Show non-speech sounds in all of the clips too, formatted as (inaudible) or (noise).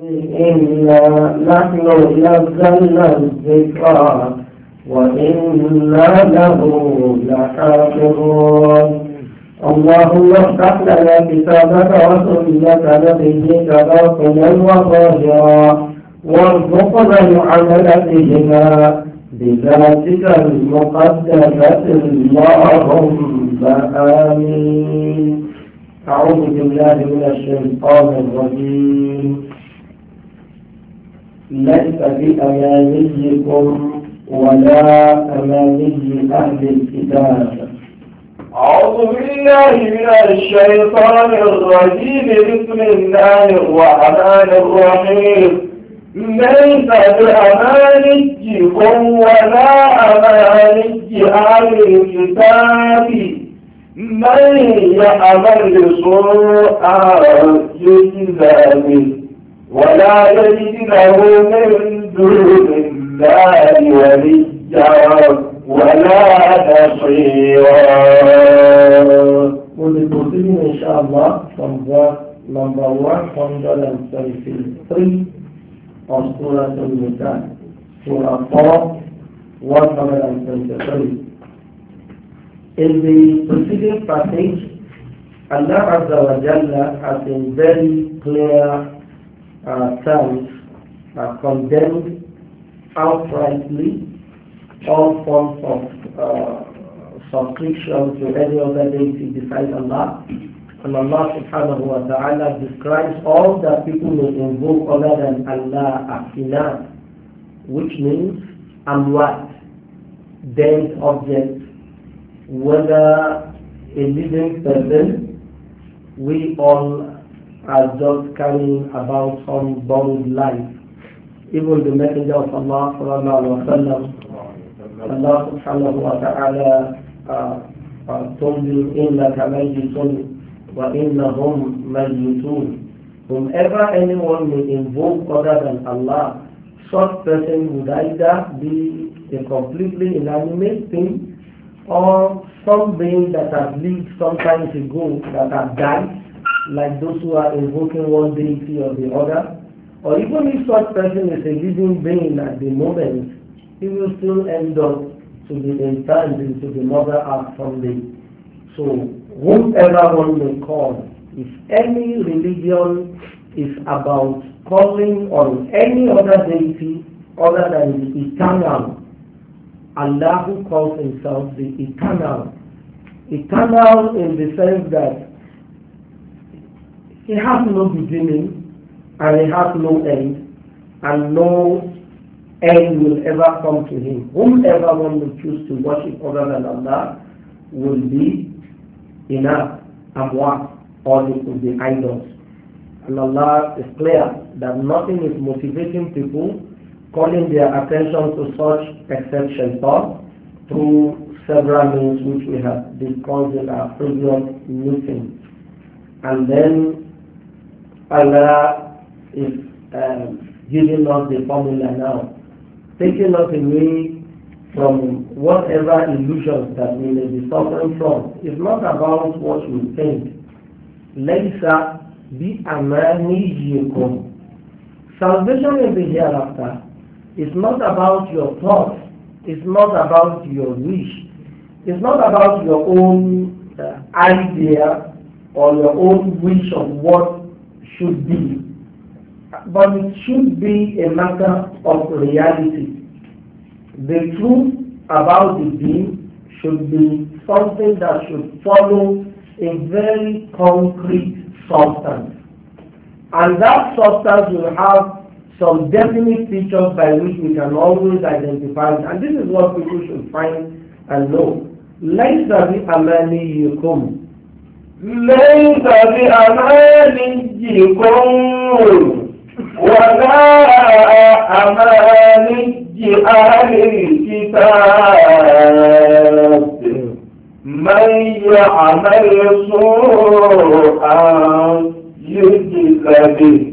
إنا نحن نزلنا الذكر وإنا له لحافظون اللهم افتح لنا كتابك وسنة نبيك باطنا وظاهرا وارزقنا العمل بهما بذاتك المقدسة اللهم آمين أعوذ بالله من الشيطان الرجيم ليس بأمانيكم ولا أماني أهل الكتاب أعوذ بالله من الشيطان الرجيم بسم الله الرحمن الرحيم ليس بأمانيكم ولا أماني أهل الكتاب من يعمل سوءا يجزى به ولا يجد له من دون الله وليا ولا نصيرا We'll be proceeding inshallah from verse number 133 of Surah Al-Nisan, 4, In the preceding passage, Allah Azza wa Jalla has been very clear ourselves uh, condemned outrightly all forms of uh, subscription to any other deity besides Allah. And Allah subhanahu wa ta'ala describes all that people may invoke other than Allah as which means amwat, dead objects, whether a living person, we all as just carrying about some borrowed life. Even the Messenger of Allah sallallahu alaihi wasallam, Allah subhanahu wa ta'ala uh, uh, inna him, wa inna hum مَيِّتُونَ Whomever anyone may invoke other than Allah, such person would either be a completely inanimate thing or something that has lived some time ago that has died like those who are invoking one deity or the other, or even if such person is a living being at the moment, he will still end up to be entangled into the mother earth someday. So whomever one may call, if any religion is about calling on any other deity other than the eternal, Allah who calls himself the eternal. Eternal in the sense that he has no beginning and he has no end, and no end will ever come to him. Whomever one will choose to worship other than Allah will be enough and one, or it will be idols. And Allah is clear that nothing is motivating people calling their attention to such except shaitan through several means which we have discussed in our previous meeting. And then Allah is um, giving us the formula now, taking us away from whatever illusions that we may be suffering from. It's not about what we think. Later, the amaniyikum. Salvation in the hereafter It's not about your thoughts. It's not about your wish. It's not about your own uh, idea or your own wish of what should be, but it should be a matter of reality. The truth about the being should be something that should follow a very concrete substance. And that substance will have some definite features by which we can always identify it. And this is what people should find and know. ليس come. ليس بأمانيكم ولا أماني أهل الكتاب من يعمل سوءا يجد به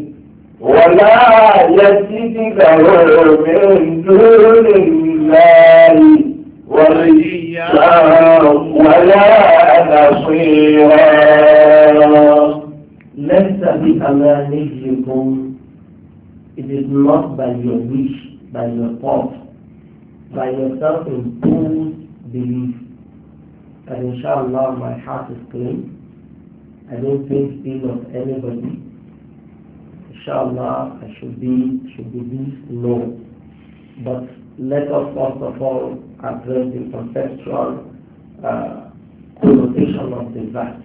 ولا يجد له من دون الله ولا نصيرا ليس بأمانيكم It is not by your wish, by your thought, by your self-imposed belief. And inshallah, my heart is clean. I don't think ill of anybody. Inshallah, I should be, should be this, no. But let us first of all address the conceptual uh, connotation of the verse.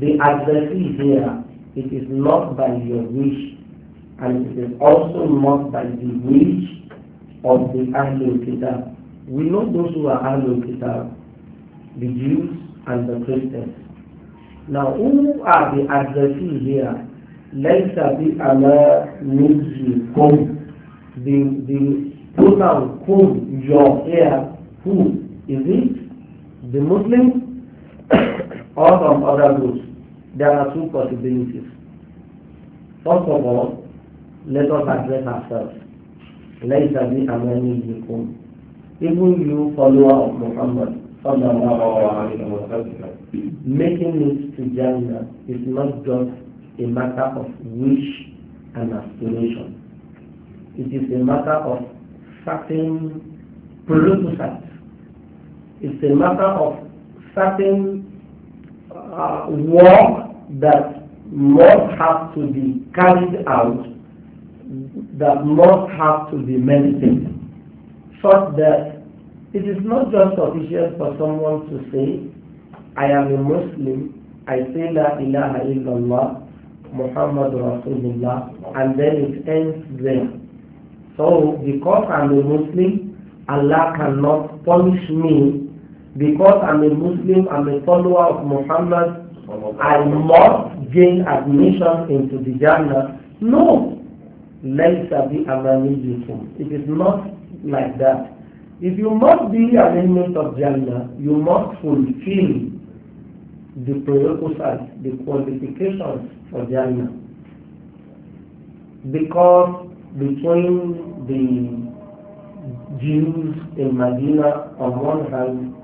The adversary here, it is not by your wish, and it is also not by the wish of the Ahlul Kitab. We know those who are Ahlul Kitab, the Jews and the Christians. Now, who are the adversaries here? Let's the Allah the, the pronoun whom, your, here, who, is it the Muslims (coughs) or some other groups? There are two possibilities. First of all, let us address ourselves. ليس بي أمانيكم Even you follower of Muhammad making it to Jannah is not just a matter of wish and aspiration. It is a matter of certain prerequisites. It's a matter of certain uh, work that must have to be carried out, that must have to be meditated, such that it is not just sufficient for someone to say, I am a Muslim, I say La ilaha illallah, Muhammad Rasulullah, and then it ends there. So because I'm a Muslim, Allah cannot punish me. Because I'm a Muslim, I'm a follower of Muhammad, I must gain admission into the Jannah. No! لَيْسَ بِأَمَانِيِّكُمْ It is not like that. If you must be an inmate of Jannah, you must fulfill the prerequisites, the qualifications for Jannah. Because between the Jews in Medina on one hand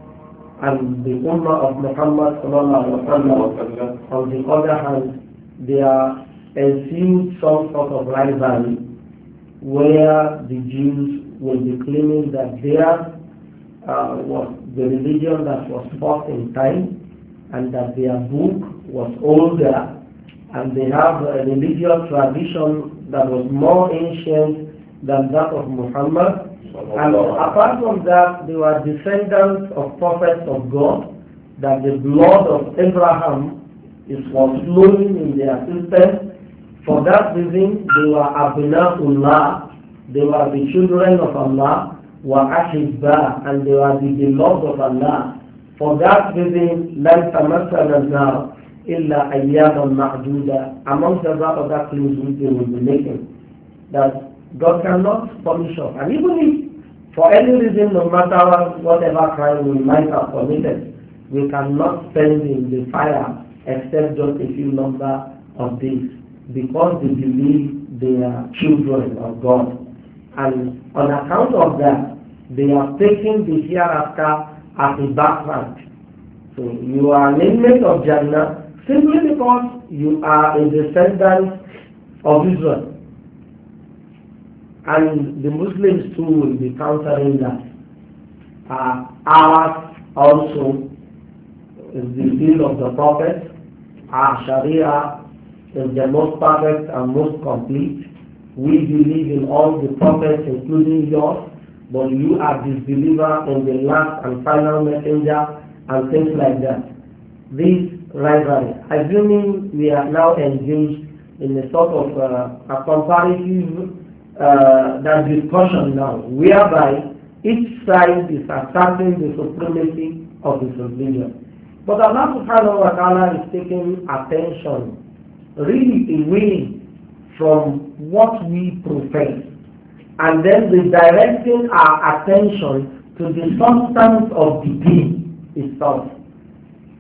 and the Ummah of Muhammad on the other hand, there ensued some sort of rivalry where the Jews will be claiming that their uh, was the religion that was taught in time and that their book was older and they have a religious tradition that was more ancient than that of Muhammad. And apart from that, they were descendants of prophets of God, that the blood of Abraham is was flowing in their system. For that reason, they were Abna'ullah, they were the children of Allah, were Ahibba, and they were the beloved of Allah. For that reason, لَنْ تَمَثَّلَ now, إلا أياما معدودة among the other clues which they will be making that God cannot punish us and even if for any reason no matter whatever crime we might have committed we cannot spend in the fire except just a few number of days because they believe they are children of God and on account of that they are taking the hereafter as a background so you are an inmate of Jannah Simply because you are a descendant of Israel. And the Muslims too will be countering that. Uh, ours also is the seal of the Prophet. Our uh, Sharia is the most perfect and most complete. We believe in all the prophets, including yours, but you are disbeliever in the last and final messenger and things like that. These rivalry. Assuming we are now engaged in a sort of uh, a comparative uh, that discussion now, whereby each side is asserting the supremacy of its religion. But Allah subhanahu wa ta'ala is taking attention really away from what we profess and then redirecting our attention to the substance of the deen itself.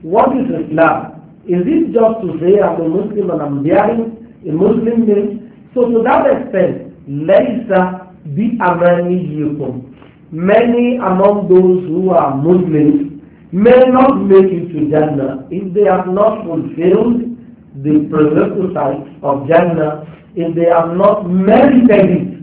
What is Islam? Is it just to say I'm a Muslim and I'm bearing a Muslim name? So to that extent, Laisa bi amaniyukum. Many among those who are Muslims may not make it to Jannah if they have not fulfilled the prerequisites of Jannah, if they have not merited it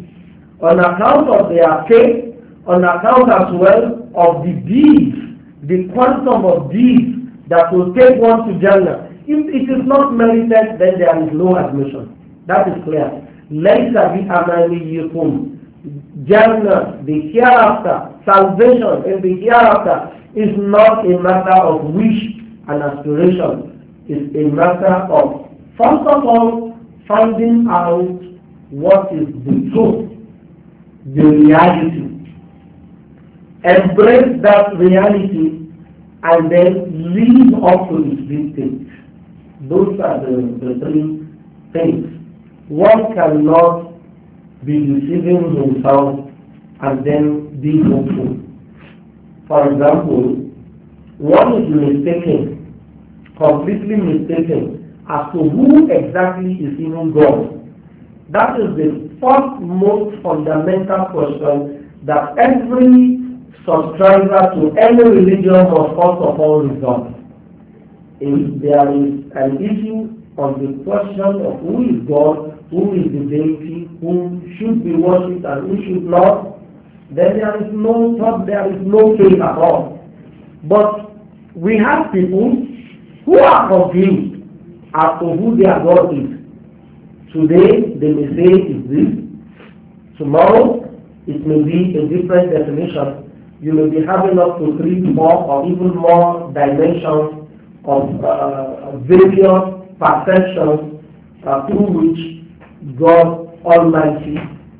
on account of their faith, on account as well of the deeds, the quantum of deeds that will take one to Jannah. If it is not merited, then there is no admission. That is clear. لَيْسَ بِأَمَانِيِّكُمْ Jannah, the hereafter, salvation in the hereafter is not a matter of wish and aspiration. It's a matter of, first of all, finding out what is the truth, the reality. Embrace that reality and then live up to these things. Those are the, the three things. One cannot be deceiving himself and then be hopeful. For example, one is mistaken, completely mistaken, as to who exactly is even God. That is the first most fundamental question that every subscriber to any religion must first of all resolve. If there is an issue on the question of who is God, who is the deity, who should be worshipped and who should not, then there is no thought, there is no case at all. But we have people who are confused as to who their God is. Today they may say it is this, tomorrow it may be a different definition you will be having up to three, four, or even more dimensions of uh, uh various perceptions uh, through which God Almighty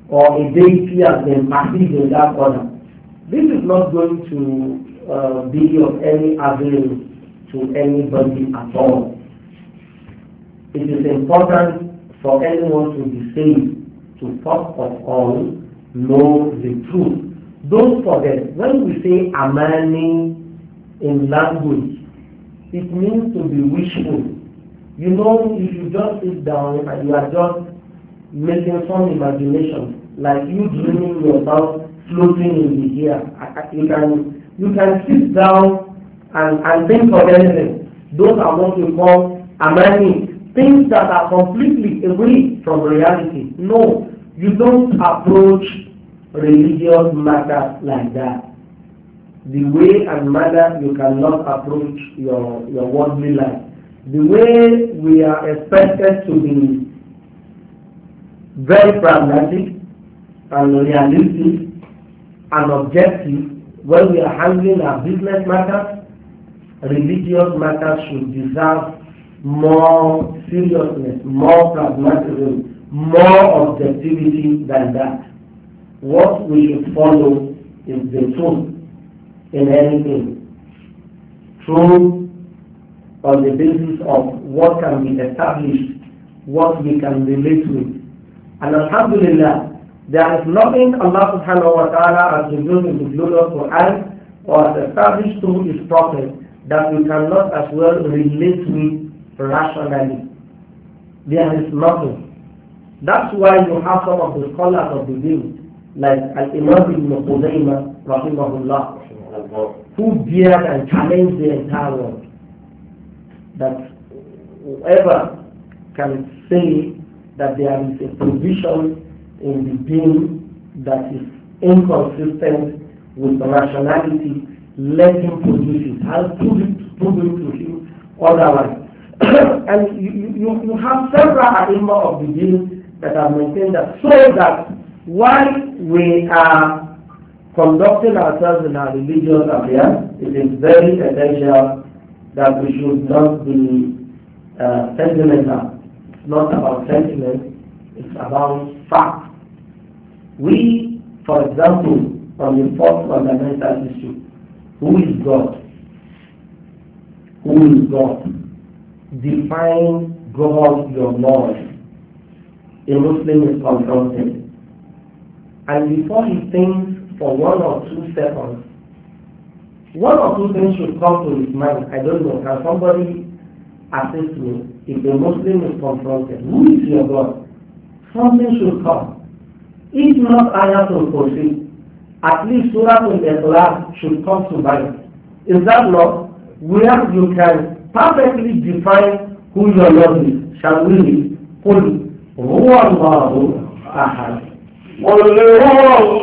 or a deity has been perceived in that order. This is not going to uh, be of any avail to anybody at all. It is important for anyone to be saved to first of all know the truth don't forget, when we say amani in language, it means to be wishful. You know, if you just sit down and you are just making some imagination, like you dreaming yourself floating in the air, you can, you can sit down and, and think of anything. Those are what we call amani, things that are completely away from reality. No, you don't approach religious matters like that. The way and manner you cannot approach your, your worldly life. The way we are expected to be very pragmatic and realistic and objective when we are handling our business matters, religious matters should deserve more seriousness, more pragmatism, more objectivity than that what we should follow is the truth in anything. Truth on the basis of what can be established, what we can relate with. And Alhamdulillah, there is nothing Allah subhanahu wa ta'ala has revealed in the glorious Quran or has established through His Prophet that we cannot as well relate with rationally. There is nothing. That's why you have some of the scholars of the day like Al-Imam ibn Qudaymah, rahimahullah, who dared and challenged the entire world that whoever can say that there is a provision in the deen that is inconsistent with the rationality, let him produce it. I'll prove it, prove it to him otherwise. (coughs) and you, you, you have several aima of the deen that have maintained that so that while we are conducting ourselves in our religious affairs, it is very essential that we should not be uh, sentimental. It's not about sentiment, it's about fact. We, for example, on the fourth fundamental issue, who is God? Who is God? Define God your Lord. A Muslim is confronted and before he thinks for one or two seconds, one or two things should come to his mind. I don't know. Can somebody assist me? If the Muslim is confronted, who is your God? Something should come. If not to Kursi, at least Surah Al-Ikhlas should come to mind. Is that not where you can perfectly define who your Lord is? Shall we? قل هو الله أحد my Lord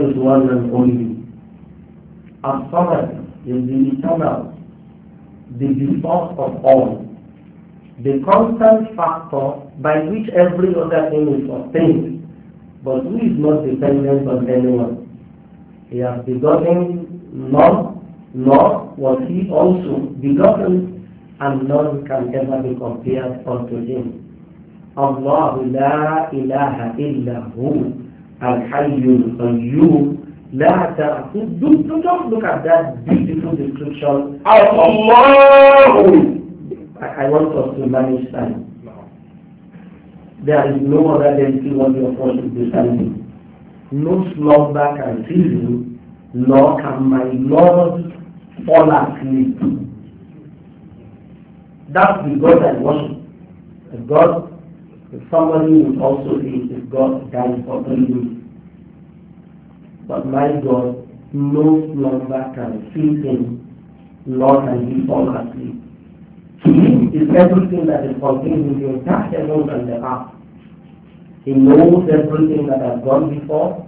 is one and only. As-Samad is the eternal, the before of all the constant factor by which every other thing is obtained, but who is not dependent on anyone. He has begotten none, nor was he also begotten, and none can ever be compared unto him. الله لا إله إلا هو الحي القيوم لا تأخذ look at that beautiful description of I, want us to manage time. There is no other than worthy of us to be standing. No slumber can seize you, nor can my Lord fall asleep. That's the God I worship. A God, if somebody would also say, if God died for me. But my God, no slumber can seize him, nor can he fall asleep. He is everything that is contained in the entire heavens and the past. He knows everything that has gone before,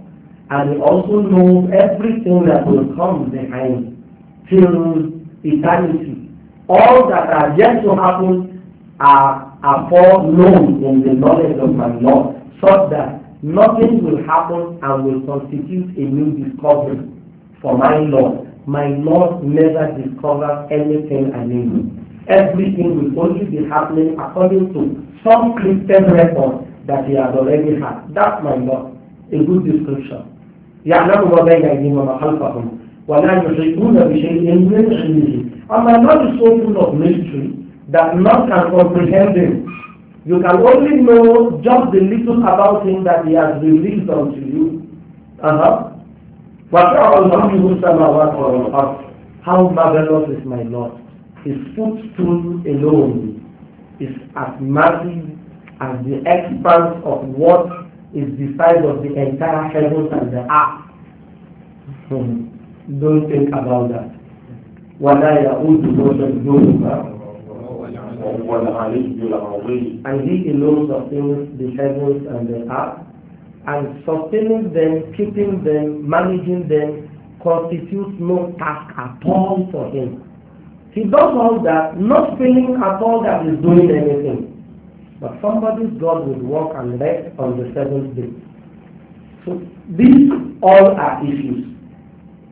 and he also knows everything that will come behind till eternity. All that are yet to happen are, are foreknown in the knowledge of my Lord, such that nothing will happen and will constitute a new discovery for my Lord. My Lord never discovers anything anew everything will only be happening according to some Christian record that he has already had. That my law. A good description. يعلم ما بين أيديهم وما خلفهم ولا يحيطون بشيء من علمه أما not is so full of mystery that none can comprehend him. You can only know just the little about him that he has revealed unto you. Uh-huh. وَتَعَى اللَّهُ السَّمَاوَاتِ وَالْأَرْضِ How marvelous is my Lord. His footstool alone is as massive as the expanse of what is the size of the entire heavens and the earth. Hmm. Don't think about that. And he alone sustains the heavens and the earth and sustaining them, keeping them, managing them constitutes no task at all for him. He does all that, not feeling at all that he's doing hmm. anything. But somebody's God will walk and rest on the seventh day. So these all are issues.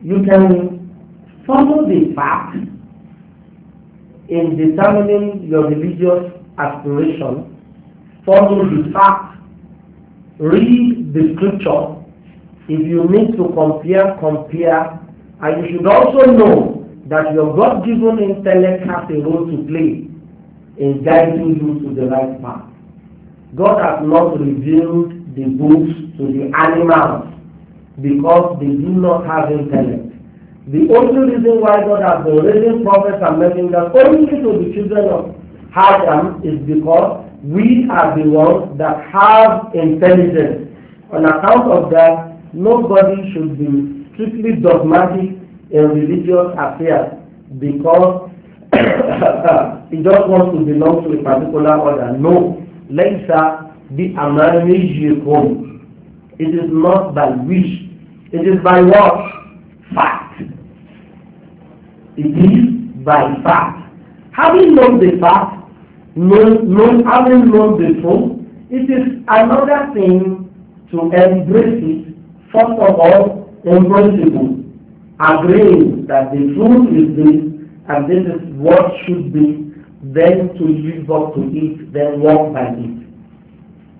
You can follow the path in determining your religious aspiration, follow the path, read the scripture. If you need to compare, compare. And you should also know that your God-given intellect has a role to play in guiding you to the right path. God has not revealed the books to the animals because they do not have intellect. The only reason why God has been raising prophets and messengers only to the children of Adam is because we are the ones that have intelligence. On account of that, nobody should be strictly dogmatic A religious affair because (coughs) he just wants to belong to a particular order. No. Later, the amaniyyikum. It is not by wish. It is by what? Fact. It is by fact. Having known the fact, known, known, having known the truth, it is another thing to embrace it, first of all, in agreeing that the truth is this and this is what should be, then to live up to it, then walk by it.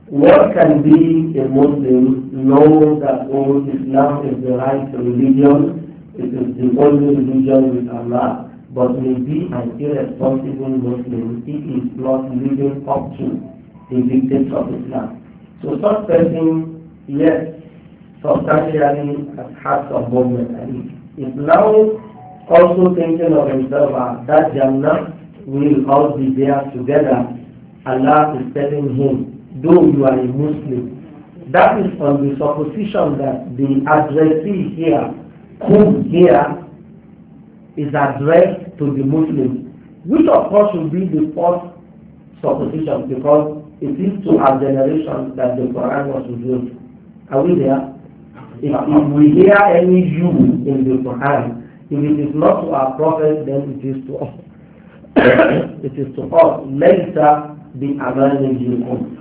What can be a Muslim know that all oh, Islam is the right religion, it is the only religion with Allah, but may be an irresponsible Muslim if he is not living up to the dictates of Islam. So such person, yes, substantially has had some movement least is now also thinking of himself that Jannah will all be there together. Allah is telling him, though you are a Muslim. That is on the supposition that the addressee here, who here, is addressed to the Muslim, which of course will be the first supposition because it is to our generation that the Quran was revealed. Are we there? If, if we hear any you in the Quran, if it is not to our prophet, then it is to us. (coughs) it is to us. Later, the Amanijikum.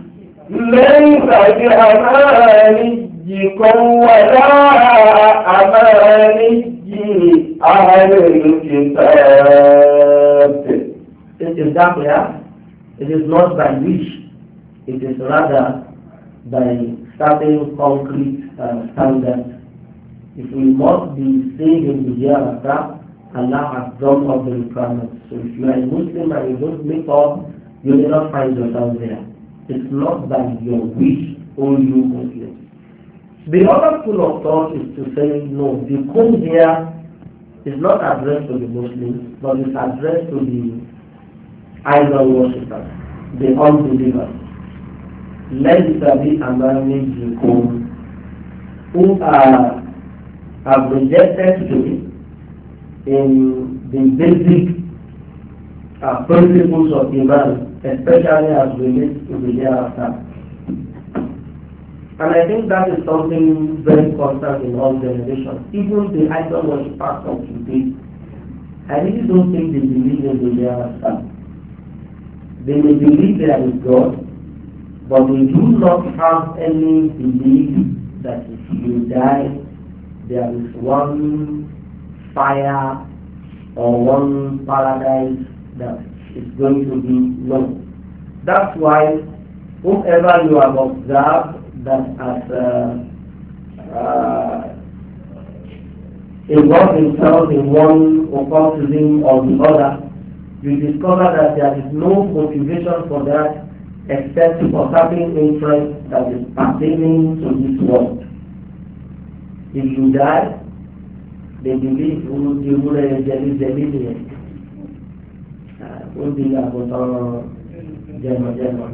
ليس بأمانيكم ولا أماني أهل الكتاب. It is that way. It is not by wish. It is rather by certain concrete uh, standards. If we must be saying in the hereafter, Allah has drawn up the requirements. So if you are a Muslim and you don't make up, you will not find yourself there. It's not by your wish, or you Muslims. The other school of thought is to say, no, the Quran here is not addressed to the Muslims, but it's addressed to the idol worshippers, the unbelievers. ليس بأمامكم who are abbreviated to in the basic uh, principles of Iman, especially as relates to the hereafter. And I think that is something very constant in all generations. Even the idol worshippers of today, I really don't think they believe in the hereafter. They may believe there is God, but we do not have any belief that if you die, there is one fire or one paradise that is going to be known. That's why whoever you have observed that has uh, uh, involved himself in one occultism or the other, you discover that there is no motivation for that except for certain interest that is pertaining to this world. If you die, they believe you will uh, be delivered. Ó di àgùntàn jẹmọjẹmọ.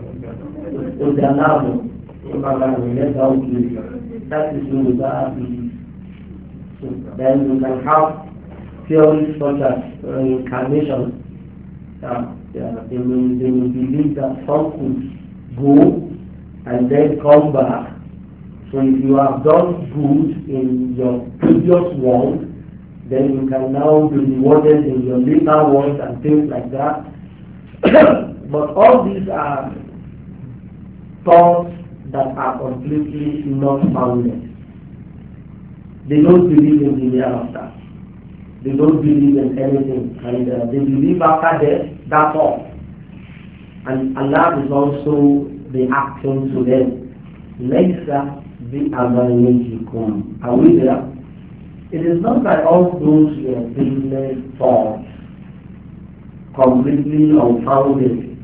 Ó di aláàbò tó máa ma rìn lẹ́gbàá òkè. That is Yorùbá àbí then you can have theories such as reincarnation. Uh, they, will, they will believe that some could go and then come back. So if you have done good in your previous world, then you can now be rewarded in your later world and things like that. (coughs) but all these are thoughts that are completely not founded. They don't believe in the hereafter. They don't believe in anything. And uh, they believe after death that's all. And Allah is also the action to them. Laysa bi'amalinikum. Are we there? It is not that all those your business thoughts completely unfounded,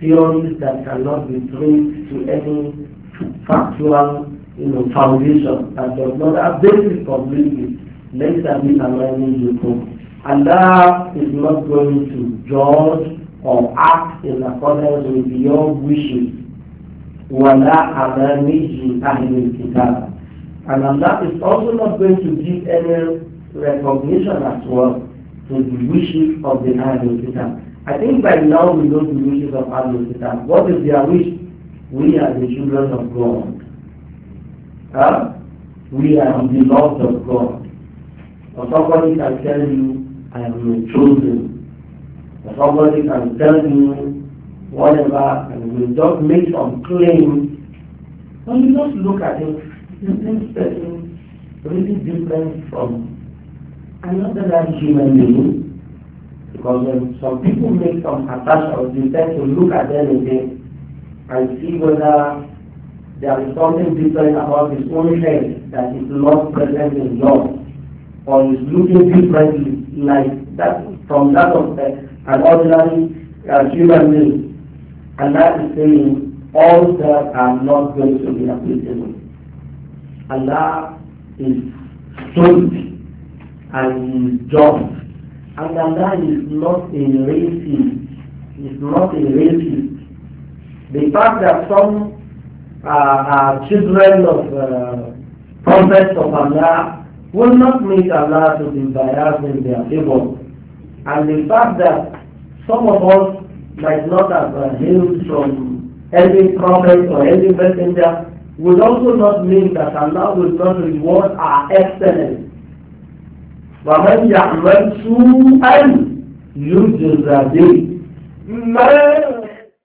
theories that cannot be traced to any factual you know, foundation that does not have basis completely. Laysa bi'amalinikum. Allah is not going to judge or act in accordance with your wishes. وَلَا أَمَانِهِ أَهْلِ الْكِتَابِ And Allah is also not going to give any recognition as well to the wishes of the Ahlul Kitab. I think by now we know the wishes of Ahlul Kitab. What is their wish? We are the children of God. Huh? We are the beloved of God. Or somebody can tell you am chosen. That somebody can tell me whatever and will just make some claims. And you just look at it, you think person really different from another human being. Because when some people make some assertions, you tend to look at them again and see whether there is something different about his own head that is not present in yours or is looking differently like that from that of an ordinary uh, human being. And that is saying all that are not going to be applicable. Allah is strict and just. And Allah is not a racist. Is not a racist. The fact that some uh, are children of uh, prophets of Allah will not make Allah to be biased in their favor. And the fact that some of us might not have uh, hailed from any prophet or any messenger would also not mean that Allah will not reward our excellence. وَمَنْ يَعْمَلْ سُوءًا يُجْزَ بِهِ